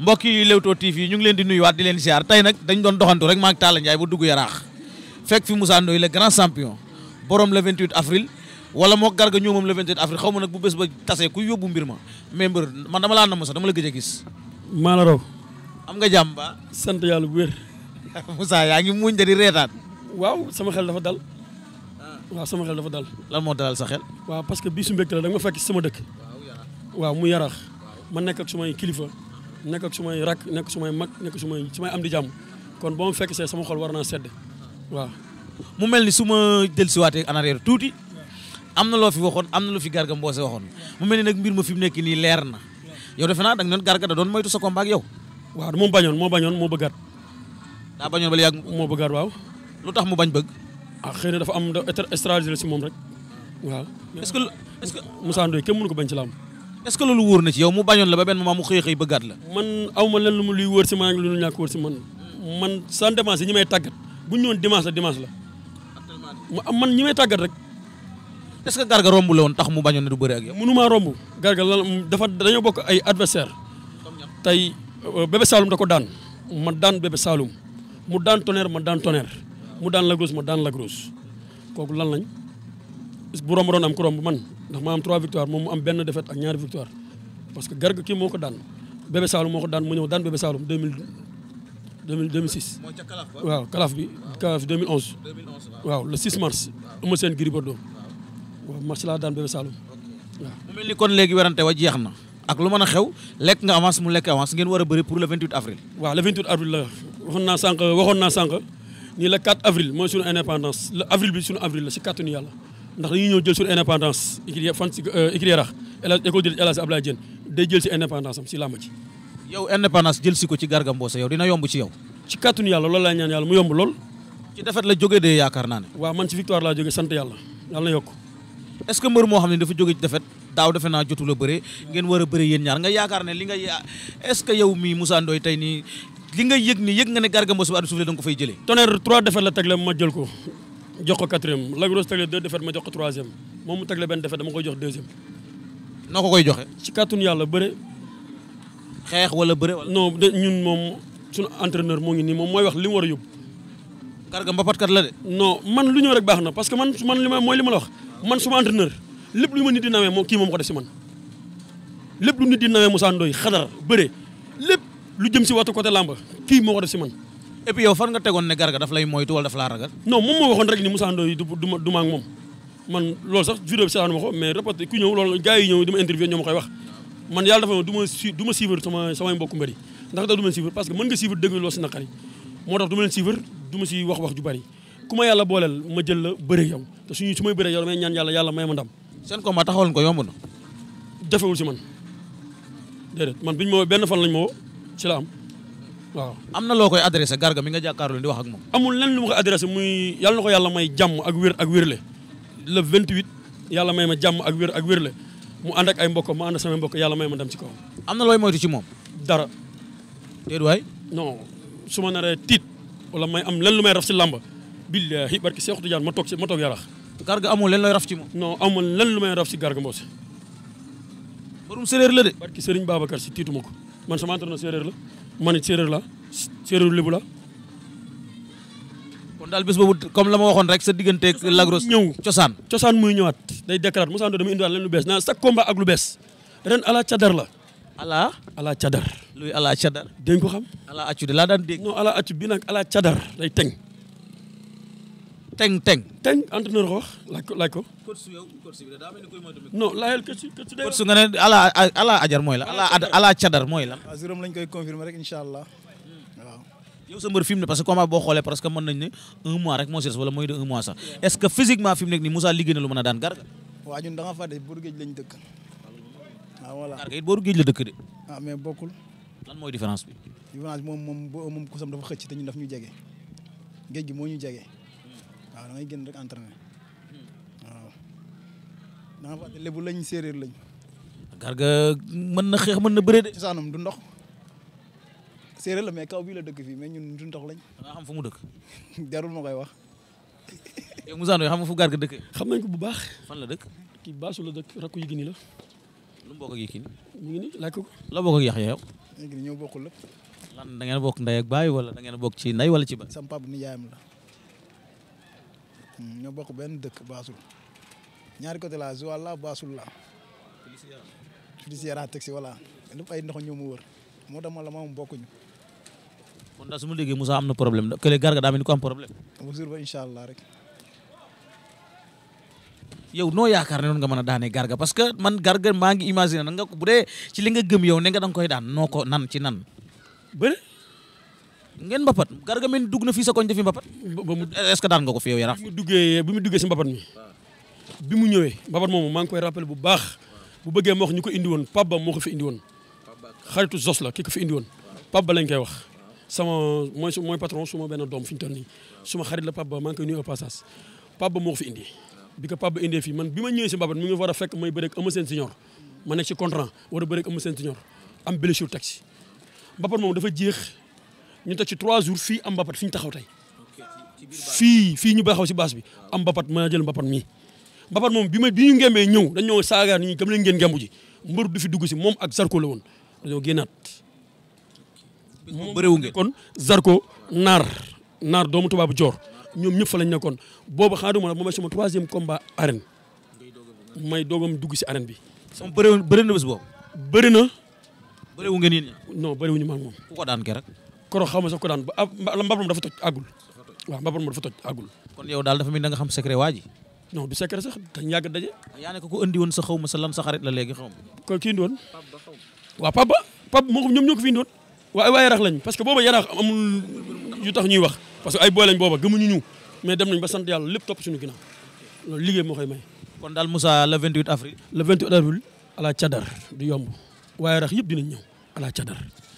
mbokk yi Leewtoo TV ñu ngi leen di nuyuwaat di leen ziar tey nag dañ doon doxantu rek maak Talla Ndiaye ba dugg yaraax fekk fi Moussa Ndoye le grand champion borom le 28 avril wala moo garga ñoo moom le 28 avril xaw ma nag bu bés ba tasee ku yóbbu mbir ma mais mbër man dama laa namm sax dama la gëj a gis maa am nga jàmm ba sant yàlla bu wér Moussa yaa ngi muñ da di reetaan waaw sama xel dafa dal ah. waaw sama xel dafa dal lan moo dalal sa xel waaw parce que bii su mbégte la da nga ma fekk sama dëkk waaw mu yaraax ma nekk ak sumay kilifa nekk ak sumay rakk nekk sumay mag nekk sumay sumay am di jàmm kon boo ma fekk see sama xol war naa sedd waaw. mu mel ni su ma dellusiwaatee en arrière tuuti am na loo fi waxoon am na lu fi Garga Mbossé waxoon mu mel ni nag mbir ma fi mu nekk nii leer na yow defe naa da nga doon Garga da doon moytu sa combat ak yow. waaw moom bañoon moo bañoon moo bëggaat. daa bañoon ba la yàgg moo bëggaat waaw. lu tax mu bañ bëgg. ah xëy na dafa am stratégie la si moom rek waaw. est-ce que est-ce que Moussa Ndoye kenn bañ ci làmb est-ce que loolu wóor na ci yow mu bañoon la ba benn moment mu xëy xëy bëggaat la. man awma lan lu mu luy wóor si man lu mu ñàkk wóor si man man sans dépense ñi may tàggat bu ñu ñëwoon dimanche la dimanche la man ñi may tàggat rek. est que garga romb la woon tax mu bañoon na du bëri ak yow. mënumaa romb garga la dafa dañoo bokk ay adversaire tey euh, bébé Saloum da ko daan ma daan bébé Saloum mu daan tonnerre ma daan tonnerre mu daan la grosse ma daan la grosse kooku lan lañ. bu romb doon am ku romb man ndax ma trois victoire moom mu am benn défaite ak ñaari victoire parce que garga kii moo ko daan Bébé Saloum moo ko daan mu ñëw daan Bébé Saloum 2000 2006 waaw kalaaf waaw le 6 mars Eumeu Sène Gris Bordeaux waaw match laa daan Bébé Saloum waaw mu mel ni kon léegi werante wa jeex na ak lu mën a xew lekk nga avance mu lekk avance ngeen war a bëri pour le 28 avril avril la waxoon na sànq waxoon naa sànq nii le 4 avril mooy suñu indépendance avril bi suñu avril la si kàttanu yàlla ndax dañuy ñëw jël sur indépendance écurie fan si euh, écurie Yaraax école day jël si indépendance am si làmb ji yow indépendance jël si ko ci Garga Mbossé yow dina yomb ci yow ci kàttanu yàlla loolu laa ñaan yàlla mu yomb lool ci defet la jógee de yaakaar naa ne waaw man ci victoire laa jógee sant yàlla yàlla na yokk est-ce moo xam ne dafa jóge ci defet daaw defe naa jotul a ngeen war a yéen ñaar nga yaakaar ne li nga est-ce que yow mi Moussa Ndoye tey nii li nga yëg ni yëg nga ne Garga Mbossé ba addu suuf le da nga ko fay jëlee tonnerre trois teg la ma jël ko jox ko quatrième Lac Rose tegle deux défaites ma jox ko troisième moom mu tegle benn défaite dama koy jox deuxième. noo ko koy joxe. ci kàttanu yàlla bëre. xeex wala bëre wala. no de ñun moom suñu entraîneur moo ngi nii moom mooy wax li mu war a yóbbu. Garga mbapatkat la de. non man lu ñëw rek baax na parce que man man li ma mooy li ma wax man suma entraîneur lépp lu ma nit di nawee moom kii moom ko def si man. lépp lu nit di nawee Moussa Ndoye xadar bëre lépp lu jëm si waxtu côté lamba kii moo ko def man. et puis yow fan nga tegoon ne garga daf lay moytu wala daf laa ragal. non moom moo waxoon rek ni Moussa Ndoye du du ma du ma ak moom man loolu sax vidéo bi seetaanu ma ko ma interview man yàlla dafa du ma samay mbokku mbër ndax da du ma suivre si moo tax du wax wax ju bari yàlla booleel ma jël la bëre yow te suñu su may bëre yow damay ñaan yàlla may ma ndam seen combat taxawal ko yomb na jafewul si man déedéet man benn fan lañ ma woo ci la am waaw am na loo koy adressé garga mi nga jàkkaarloo di wax ak moom. amul lenn lu ma koy muy yàlla na yàlla may jàmm ak wér ak wérle le 28 yàlla may ma jàmm ak wér ak wérle mu ànd ay mbokk mu ànd mbokk yàlla may ma dem ci kaw am na looy moytu ci moom. dara. déedéet waay. non su ma naree tiit wala may am lenn lu may raf si làmba billahi barki Seexu Tijaan ma toog si ma toog yarax. garga amul lenn looy raf ci moom. non amul lenn lu may raf si garga Mbossé. borom séeréer la de. barki Serigne Babacar si tiituma ko. man sama entraîneur séeréer la man it séeréer la séeréeru lébu la. kon daal bés boobu comme la ma waxoon rek sa diggante lagros. ñëw cosaan cosaan muy ñëwaat. day déclaré Moussa Ndoye dama indiwaat leen lu bees naan chaque combat ak lu bees ren ala cadar la. ala ala cadar. luy ala cadar. dañ ko xam. ala accu de laa daan dégg. non ala accu bi nag ala cadar day teñ. teng teng teng entraîneur ko wax laaj ko laaj ko non laajal coach coach day su nga ne ala ajar mooy la ala cadar mooy la ah, juróom lañ koy confirmer rek inshallah waaw yow sa mbër boo xoolee parce que mën nañ ne mois rek moo si des wala mooy de un mois sax est-ce que physiquement fi nekk nii Moussa liggéey na lu mën a daan Garga waa ñun da nga fàtte booru géej lañ dëkk ah voilà ah, mais bokkul lan mooy différence bi différence moom moom moom kosam dafa xëcc te ñun daf ñu jege géej gi moo ñu jege waaw da ngay génn rek entraîné hmm. waaw danga fàtte lébu lañ séeréer lañ garga mën na xeex mën na bëree de cosaanam du ndox séeréer la mais kaw bi la dëkk fii mais ñun du ndox lañ dangaa xam fu mu dëkk jarul ma koy wax yow Moussa Ndoye xam nga fu garga dëkk xam nañ ko bu baax fan la dëkk kii baasu la dëkk rakku Yékini la lu mu bokk ak Yékini mu ngi nii laaj ak Yaxya yow Yékini ñoo bokkul lépp lan da ngeen bokk ndey ak wala da ngeen bokk ci ndey wala ci ba sam papa nijaayam la Mm, ñoo bokk benn dëkk baasul ñaari côté la Joal la baasul la Filissière teg si voilà lépp ay ndox ñoo mu wër moo tax ma la moom bokkuñu. kon daal su ma déggee Moussa am na problème kële Garga daa mel ni suur ba incha allah rek. yow noo yaakaar ne noonu nga mën a daanee Garga parce que man Garga maa ngi imaginer nan nga bu dee ci li nga gëm yow ne nga da koy daan noo ko nan ci nan ngeen mbapat Garga mel dugg na fii koñ defi mbapat est daan nga ko fi yow Yaraax bi mu duggee si mbapat mi bi mu ñëwee mbapat moomu maa ngi koy bu baax bu ko indi woon Pape Ba moo ko fi indi woon xaritu Zos la ki ko fi koy wax sama mooy mooy patron suma benn doom fi ñu toll nii suma xarit la Pape Ba maa ngi koy bi ko Pape Ba ma war a fekk may bëreeg Eumeu Sène senior ma nekk si contrat war a bëreeg Eumeu Sène senior am blessure taxi mbapat moom dafa jeex ñu teg ci trois jours fii am mbapat fi ñu taxaw tey fii fii ñu baxaw si baas bi am mbapat maa jël mbapat mii mbapat moom bi ma bi ñu ngembee ñëw dañ ñoo saagaar ni ñu kam leen ngeen ngembu ji mbër du fi dugg si moom ak sarko la woon dañoo génnaat bëreewu ngeen kon Zarko naar naar doomu tubaabu joor ñoom ñëpp lañ nekkoon boobu xanaa du ma la moom sama troisième combat arène may doogam dugg si arène bi. sama bëre bëri na bés boobu. na. bëreewu ngeen yéen non bëreewuñu ko daan kee koro xaw ma sax ko daan ba mbaparam dafa toj àggul waaw mbaparam dafa toj àggul kon yow daal dafa mel da nga xam secret waa ji non du secret sax dañ yàgg daje yaa ko ko andi woon sa xaw ma sax lan sa xarit la léegi xaw ma ko kii indi woon waaw Pape Ba Pape moo ko lañ parce que booba yaraax amul yu tax ñuy wax parce que ay booy lañ booba gëmuñu ñu mais dem nañ ba sant yàlla lépp topp suñu ginnaaw loolu liggéey moo koy may kon daal Moussa le 28 avril le 28 avril à la Thiadar du yomb waaye rax yëpp dinañ ñëw à la Thiadar